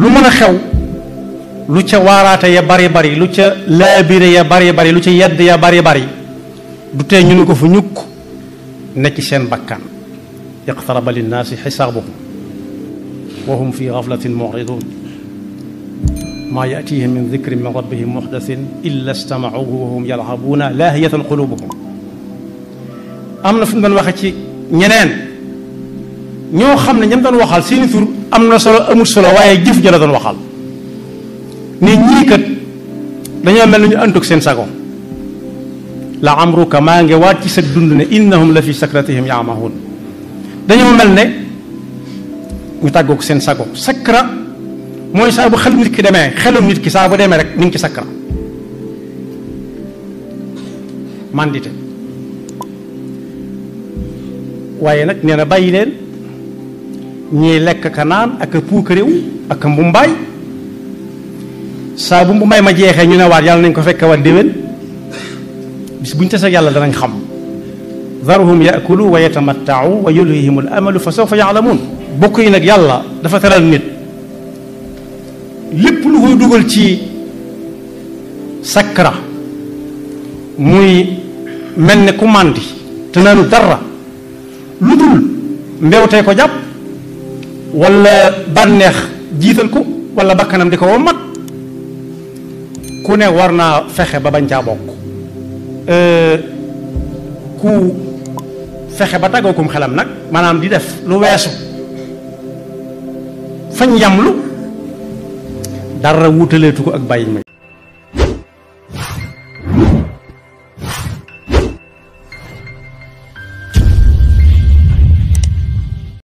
lu mën a xew lu ca waaraate ya bari bari lu ca laabire ya bari bari lu ca yedd ya bari bari du tee ñu ni ko fu ñukk ne ci seen bakkan iqtaraba linnaasi xisaabuhum wa hum fi gaflatin muridun ما يأتيهم من ذكر من ربهم محدث إلا استمعوه وهم يلعبون لاهية قلوبهم أمنا في من وقت ñeneen ñoo xam ne ñam doon waxal si tur am na solo amul solo waaye jëf ja la doon waxal ne ñii kat dañoo mel nañu antug seen sago la amruka maa ngi waat ci sa dund ne innahum la fi sakratihim yaamahun dañoo mel ne ñu tàggoog seen sago sakra mooy saa bu xel nit ki demee xelum nit ki saa bu demee rek mi ngi ci sakra mandite waaye nag nee na bàyyi leen ñuy lekk ka naan ak a puukaréew ak a mbumbaay saa bu mbumbaay ma jeexee ñu ne waat yàlla nañ ko fekk waat déwén bis buñ tasee yàlla danañ xam daruhum yakulu wa yatamattaau wa yulhihim al amalu fa sawfa yaalamuun bokk yi nag yàlla dafa teral nit lépp lu koy dugal ci sakra muy mel ne ku màndi te naanu dara lu dul mbeewtee ko jàpp wala bànneex jiital ko wala bakkanam di ko wommat ku ne war naa fexe ba bañ caa bokk euh, ku fexe ba tàggookum xelam nag maanaam di def lu weesu fañ yamlu dara wutaleetu ko ak bàyyi ma